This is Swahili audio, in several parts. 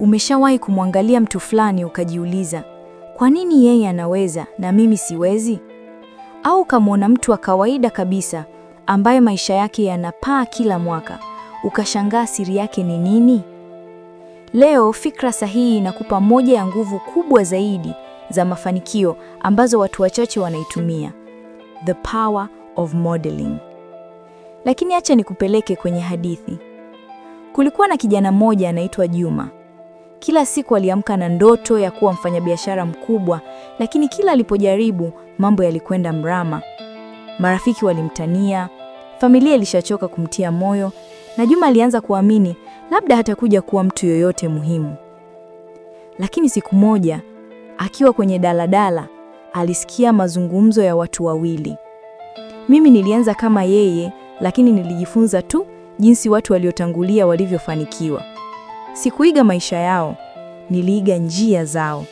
Umeshawahi kumwangalia mtu fulani ukajiuliza, kwa nini yeye anaweza na mimi siwezi? Au ukamwona mtu wa kawaida kabisa ambaye maisha yake yanapaa kila mwaka, ukashangaa siri yake ni nini? Leo Fikra Sahihi inakupa moja ya nguvu kubwa zaidi za mafanikio ambazo watu wachache wanaitumia, the power of modeling. Lakini acha nikupeleke kwenye hadithi. Kulikuwa na kijana mmoja anaitwa Juma. Kila siku aliamka na ndoto ya kuwa mfanyabiashara mkubwa, lakini kila alipojaribu mambo yalikwenda mrama. Marafiki walimtania, familia ilishachoka kumtia moyo, na Juma alianza kuamini labda hatakuja kuwa mtu yoyote muhimu. Lakini siku moja akiwa kwenye daladala alisikia mazungumzo ya watu wawili. Mimi nilianza kama yeye, lakini nilijifunza tu jinsi watu waliotangulia walivyofanikiwa. Sikuiga maisha yao, niliiga njia zao.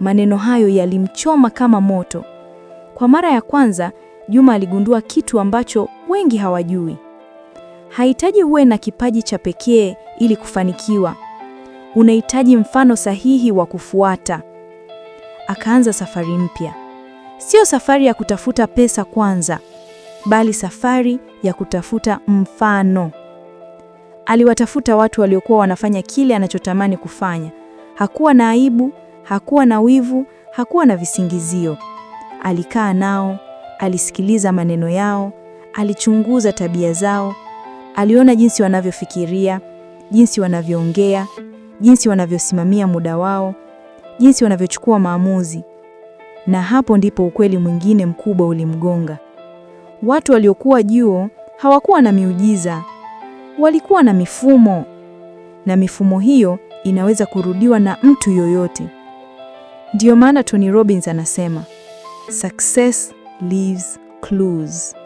Maneno hayo yalimchoma kama moto. Kwa mara ya kwanza, Juma aligundua kitu ambacho wengi hawajui. Haitaji uwe na kipaji cha pekee ili kufanikiwa. Unahitaji mfano sahihi wa kufuata. Akaanza safari mpya. Sio safari ya kutafuta pesa kwanza, bali safari ya kutafuta mfano. Aliwatafuta watu waliokuwa wanafanya kile anachotamani kufanya. Hakuwa na aibu, hakuwa na wivu, hakuwa na visingizio. Alikaa nao, alisikiliza maneno yao, alichunguza tabia zao, aliona jinsi wanavyofikiria, jinsi wanavyoongea, jinsi wanavyosimamia muda wao, jinsi wanavyochukua maamuzi. Na hapo ndipo ukweli mwingine mkubwa ulimgonga. Watu waliokuwa juu hawakuwa na miujiza walikuwa na mifumo, na mifumo hiyo inaweza kurudiwa na mtu yoyote. Ndiyo maana Tony Robbins anasema success leaves clues.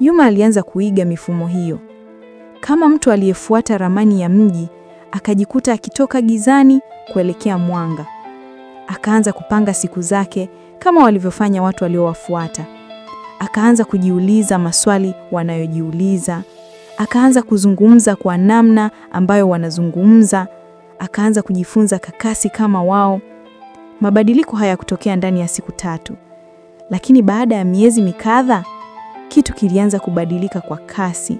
Yuma alianza kuiga mifumo hiyo kama mtu aliyefuata ramani ya mji, akajikuta akitoka gizani kuelekea mwanga. Akaanza kupanga siku zake kama walivyofanya watu waliowafuata. Akaanza kujiuliza maswali wanayojiuliza, akaanza kuzungumza kwa namna ambayo wanazungumza, akaanza kujifunza kakasi kama wao. Mabadiliko haya kutokea ndani ya siku tatu, lakini baada ya miezi mikadha kitu kilianza kubadilika kwa kasi.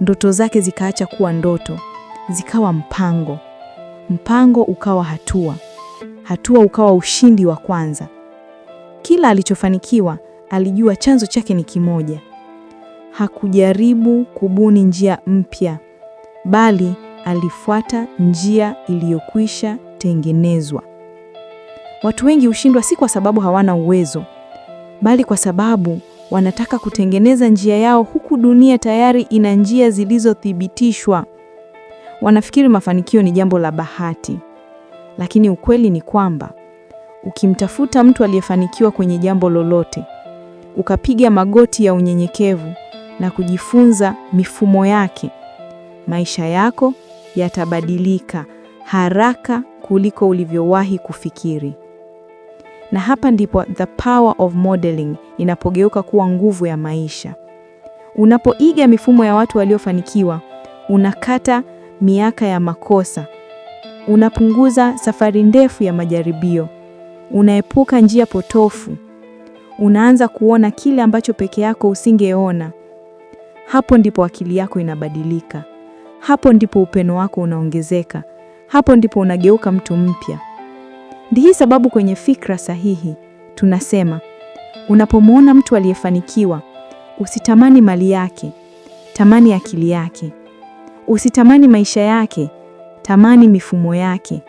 Ndoto zake zikaacha kuwa ndoto, zikawa mpango. Mpango ukawa hatua, hatua ukawa ushindi wa kwanza. Kila alichofanikiwa alijua chanzo chake ni kimoja hakujaribu kubuni njia mpya, bali alifuata njia iliyokwisha tengenezwa. Watu wengi hushindwa si kwa sababu hawana uwezo, bali kwa sababu wanataka kutengeneza njia yao huku dunia tayari ina njia zilizothibitishwa. Wanafikiri mafanikio ni jambo la bahati, lakini ukweli ni kwamba ukimtafuta mtu aliyefanikiwa kwenye jambo lolote, ukapiga magoti ya unyenyekevu, na kujifunza mifumo yake, maisha yako yatabadilika haraka kuliko ulivyowahi kufikiri. Na hapa ndipo the power of modeling inapogeuka kuwa nguvu ya maisha. Unapoiga mifumo ya watu waliofanikiwa, unakata miaka ya makosa, unapunguza safari ndefu ya majaribio, unaepuka njia potofu, unaanza kuona kile ambacho peke yako usingeona. Hapo ndipo akili yako inabadilika, hapo ndipo upendo wako unaongezeka, hapo ndipo unageuka mtu mpya. Ndi hii sababu kwenye Fikra Sahihi tunasema unapomwona mtu aliyefanikiwa, usitamani mali yake, tamani akili yake. Usitamani maisha yake, tamani mifumo yake.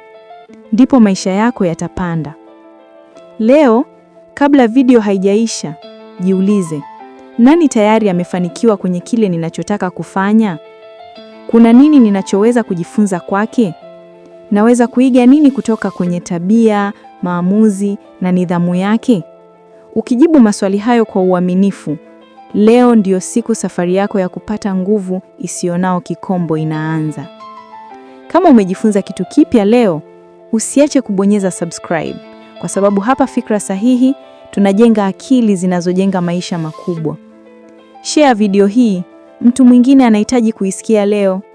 Ndipo maisha yako yatapanda. Leo kabla video haijaisha, jiulize nani tayari amefanikiwa kwenye kile ninachotaka kufanya? Kuna nini ninachoweza kujifunza kwake? Naweza kuiga nini kutoka kwenye tabia, maamuzi na nidhamu yake? Ukijibu maswali hayo kwa uaminifu, leo ndiyo siku safari yako ya kupata nguvu isiyonao kikombo inaanza. Kama umejifunza kitu kipya leo, usiache kubonyeza subscribe, kwa sababu hapa Fikra Sahihi tunajenga akili zinazojenga maisha makubwa. Share video hii, mtu mwingine anahitaji kuisikia leo.